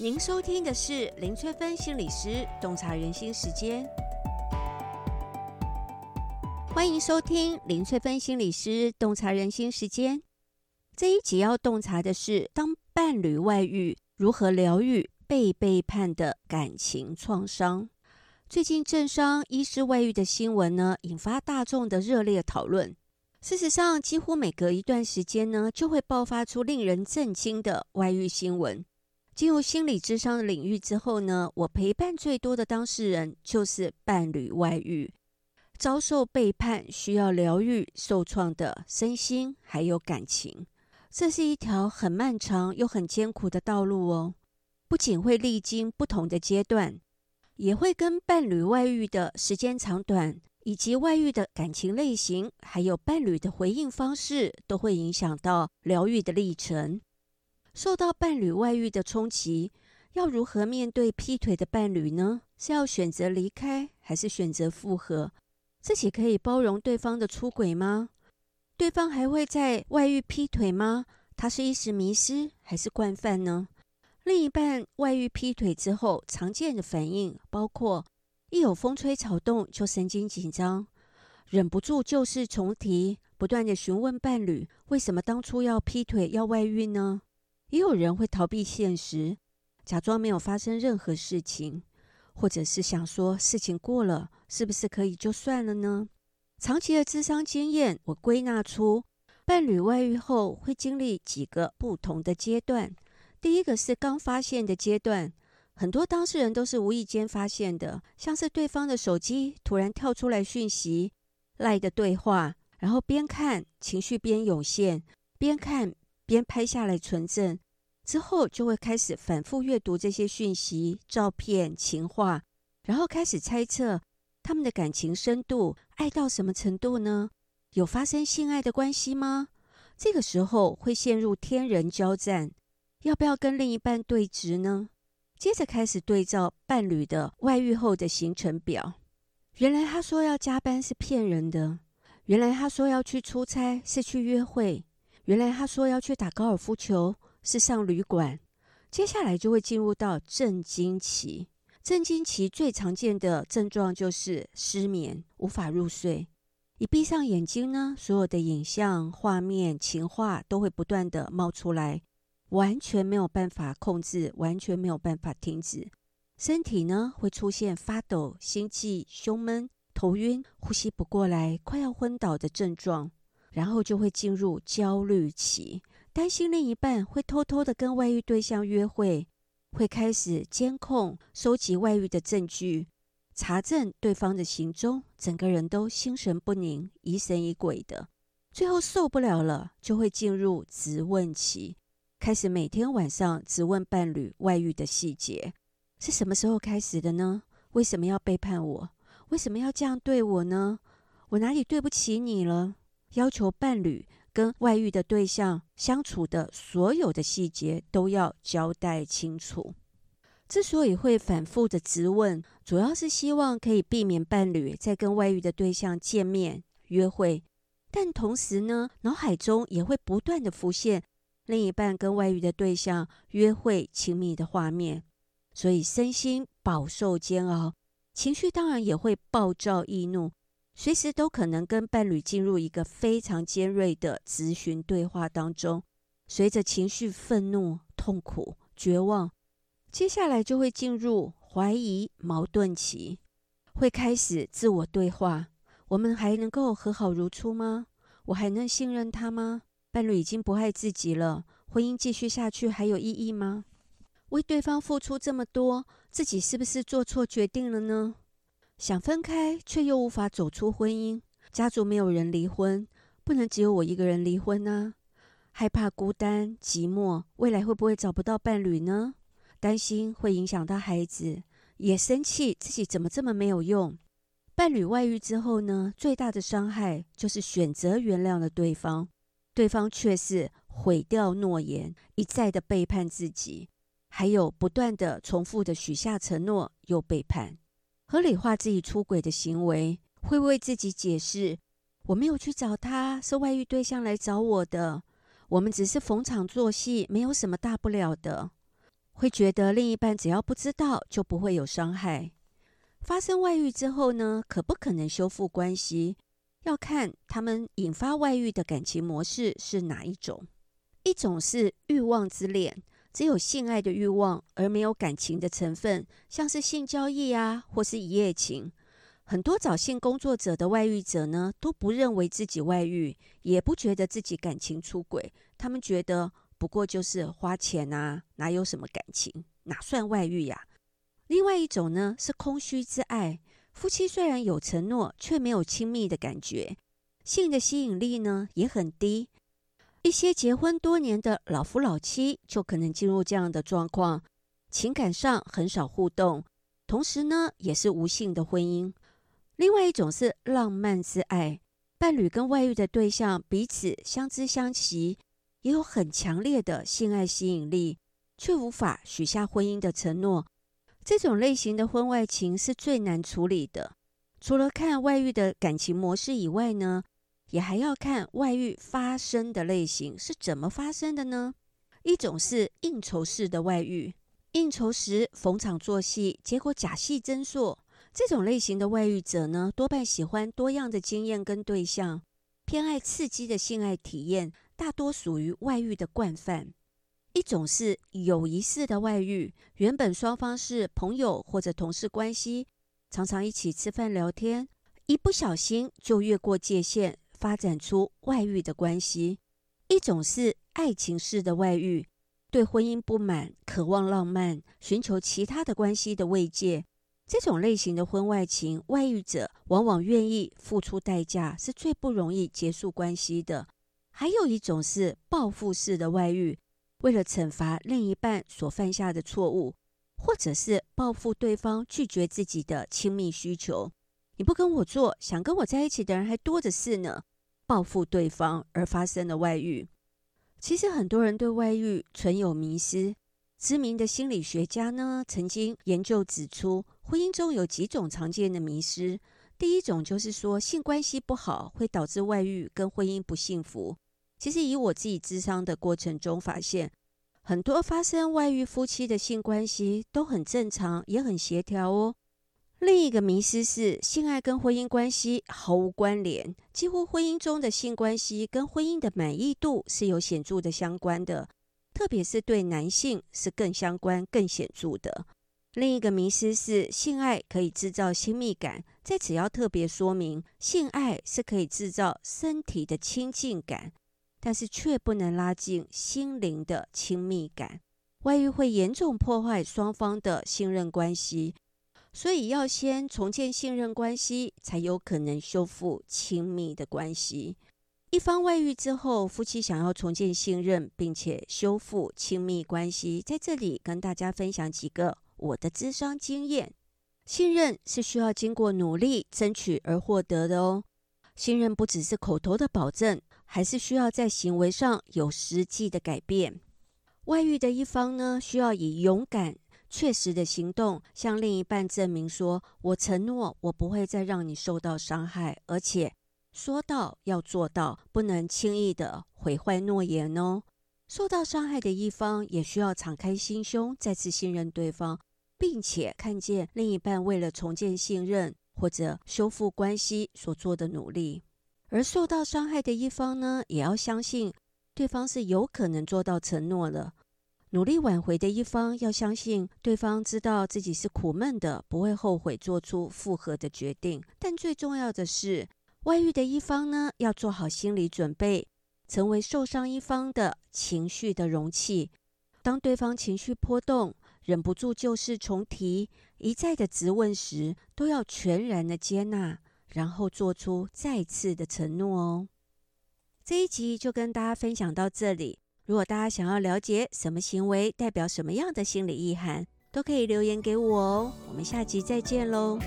您收聽的是林翠芬心理師洞察人心時間，歡迎收聽林翠芬心理師洞察人心時間。這一集要洞察的是，當伴侶外遇，如何療癒被背叛的感情創傷？最近政商醫師外遇的新聞呢，引發大眾的熱烈討論。事實上，幾乎每隔一段時間呢，就會爆發出令人震驚的外遇新聞。進入心理諮商的領域之後呢，我陪伴最多的當事人就是伴侶外遇，遭受背叛，需要療癒受創的身心還有感情。這是一條很漫長又很艱苦的道路哦。不僅會歷經不同的階段，也會跟伴侶外遇的時間長短以及外遇的感情類型，還有伴侶的回應方式，都會影響到療癒的歷程。受到伴侶外遇的衝擊，要如何面對劈腿的伴侶呢？是要選擇離開，還是選擇複合？自己可以包容對方的出軌嗎？對方還會在外遇劈腿嗎？他是一時迷失，還是慣犯呢？另一半外遇劈腿之後，常見的反應包括：一有風吹草動就神經緊張，忍不住舊事重提，不斷的詢問伴侶為什麼當初要劈腿、要外遇呢？也有人會逃避現實，假裝沒有發生任何事情，或者是想說事情過了，是不是可以就算了呢？長期的諮商經驗，我歸納出伴侶外遇後會經歷幾個不同的階段。第一個是剛發現的階段，很多當事人都是無意間發現的，像是對方的手機突然跳出來訊息，賴的對話，然後邊看情緒邊湧現，邊看。邊拍下來存證，之後就會開始反覆閱讀這些訊息、照片、情話，然後開始猜測他們的感情深度，愛到什麼程度呢？有發生性愛的關係嗎？這個時候會陷入天人交戰，要不要跟另一半對質呢？接着開始對照伴侶的外遇後的行程表，原來他說要加班是騙人的，原來他說要去出差是去約會。原來他說要去打高爾夫球，是上旅館。接下來就會進入到震驚期。震驚期最常見的症狀就是失眠，無法入睡。一閉上眼睛呢，所有的影像、畫面、情話都會不斷地冒出來，完全沒有辦法控制，完全沒有辦法停止。身體呢，會出現發抖、心悸、胸悶、頭暈、呼吸不過來，快要昏倒的症狀。然後就會進入焦慮期，擔心另一半會偷偷的跟外遇對象約會，會開始監控、收集外遇的證據，查證對方的行蹤，整個人都心神不寧、疑神疑鬼的。最後受不了了，就會進入質問期，開始每天晚上質問伴侶外遇的細節，是什麼時候開始的呢？為什麼要背叛我？為什麼要這樣對我呢？我哪裡對不起你了？要求伴侶跟外遇的對象相處的所有的細節都要交代清楚。之所以會反覆的質問，主要是希望可以避免伴侶再跟外遇的對象見面約會，但同時呢，腦海中也會不斷的浮現另一半跟外遇的對象約會親密的畫面，所以身心飽受煎熬，情緒當然也會暴躁易怒。隨時都可能跟伴侶進入一個非常尖銳的質詢對話當中，隨着情緒憤怒、痛苦、絕望，接下來就會進入懷疑、矛盾期，會開始自我對話：我們還能夠和好如初嗎？我還能信任他嗎？伴侶已經不愛自己了，婚姻繼續下去還有意義嗎？為對方付出這麼多，自己是不是做錯決定了呢？想分開卻又無法走出婚姻，家族沒有人離婚，不能只有我一個人離婚呢、啊？害怕孤單寂寞，未來會不會找不到伴侶呢？擔心會影響到孩子，也生氣自己怎麼這麼沒有用。伴侶外遇之後呢，最大的傷害就是選擇原諒了對方，對方卻是毀掉諾言，一再的背叛自己，還有不斷的重複的許下承諾又背叛。合理化自己出軌的行為，會為自己解釋：“我沒有去找他，是外遇對象來找我的。我們只是逢場作戲，沒有什麼大不了的。”會覺得另一半只要不知道，就不會有傷害。發生外遇之後呢，可不可能修復關係？要看他們引發外遇的感情模式是哪一種。一種是慾望之戀。只有性愛的慾望而沒有感情的成分，像是性交易啊，或是一夜情。很多找性工作者的外遇者呢，都不認為自己外遇，也不覺得自己感情出軌。他們覺得不過就是花錢啊，哪有什麼感情，哪算外遇呀？另外一種呢，是空虛之愛。夫妻雖然有承諾，卻沒有親密的感覺，性的吸引力呢也很低。一些結婚多年的老夫老妻就可能進入這樣的狀況，情感上很少互動，同時呢也是無性的婚姻。另外一種是浪漫之愛，伴侶跟外遇的對象彼此相知相惜，也有很強烈的性愛吸引力，卻無法許下婚姻的承諾。這種類型的婚外情是最難處理的。除了看外遇的感情模式以外呢，也還要看外遇發生的類型，是怎麼發生的呢？一種是應酬式的外遇，應酬時逢場作戲，結果假戲真做。這種類型的外遇者呢，多半喜歡多樣的經驗跟對象，偏愛刺激的性愛體驗，大多屬於外遇的慣犯。一種是友誼式的外遇，原本雙方是朋友或者同事關係，常常一起吃飯聊天，一不小心就越過界限。發展出外遇的關係，一種是愛情式的外遇，對婚姻不滿，渴望浪漫，尋求其他的關係的慰藉。這種類型的婚外情，外遇者往往願意付出代價，是最不容易結束關係的。還有一種是報復式的外遇，為了懲罰另一半所犯下的錯誤，或者是報復對方拒絕自己的親密需求。你不跟我做，想跟我在一起的人還多着事呢。報復對方而發生了外遇，其實很多人對外遇存有迷思。知名的心理學家呢，曾經研究指出，婚姻中有幾種常見的迷思。第一種就是說，性關係不好會導致外遇跟婚姻不幸福。其實以我自己諮商的過程中發現，很多發生外遇夫妻的性關係都很正常，也很協調哦。另一個迷思是性愛跟婚姻關係毫無關聯，幾乎婚姻中的性關係跟婚姻的滿意度是有顯著的相關的，特別是對男性是更相關、更顯著的。另一個迷思是性愛可以制造親密感，在此要特別說明，性愛是可以制造身體的親近感，但是卻不能拉近心靈的親密感。外遇會嚴重破壞雙方的信任關係。所以要先重建信任關係，才有可能修復親密的關係。一方外遇之後，夫妻想要重建信任並且修復親密關係，在這裡跟大家分享幾個我的諮商經驗。信任是需要經過努力爭取而獲得的哦。信任不只是口頭的保證，還是需要在行為上有實際的改變。外遇的一方呢，需要以勇敢。確實的行動向另一半證明說：“我承諾，我不會再讓你受到傷害。”而且說到要做到，不能輕易的毀壞諾言哦。受到傷害的一方也需要敞開心胸，再次信任對方，並且看見另一半為了重建信任或者修復關係所做的努力。而受到傷害的一方呢，也要相信對方是有可能做到承諾的。努力挽回的一方要相信對方知道自己是苦悶的，不會後悔做出復合的決定。但最重要的是，外遇的一方呢，要做好心理準備，成為受傷一方的情緒的容器。當對方情緒波動，忍不住舊事重提，一再的質問時，都要全然的接納，然後做出再次的承諾哦。這一集就跟大家分享到這裡。如果大家想要了解什麼行為代表什麼樣的心理意涵，都可以留言給我哦。我們下集再見嘍。